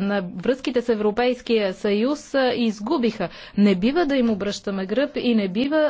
на връзките с Европейския съюз изгубиха. Не бива да им обръщаме гръб и не бива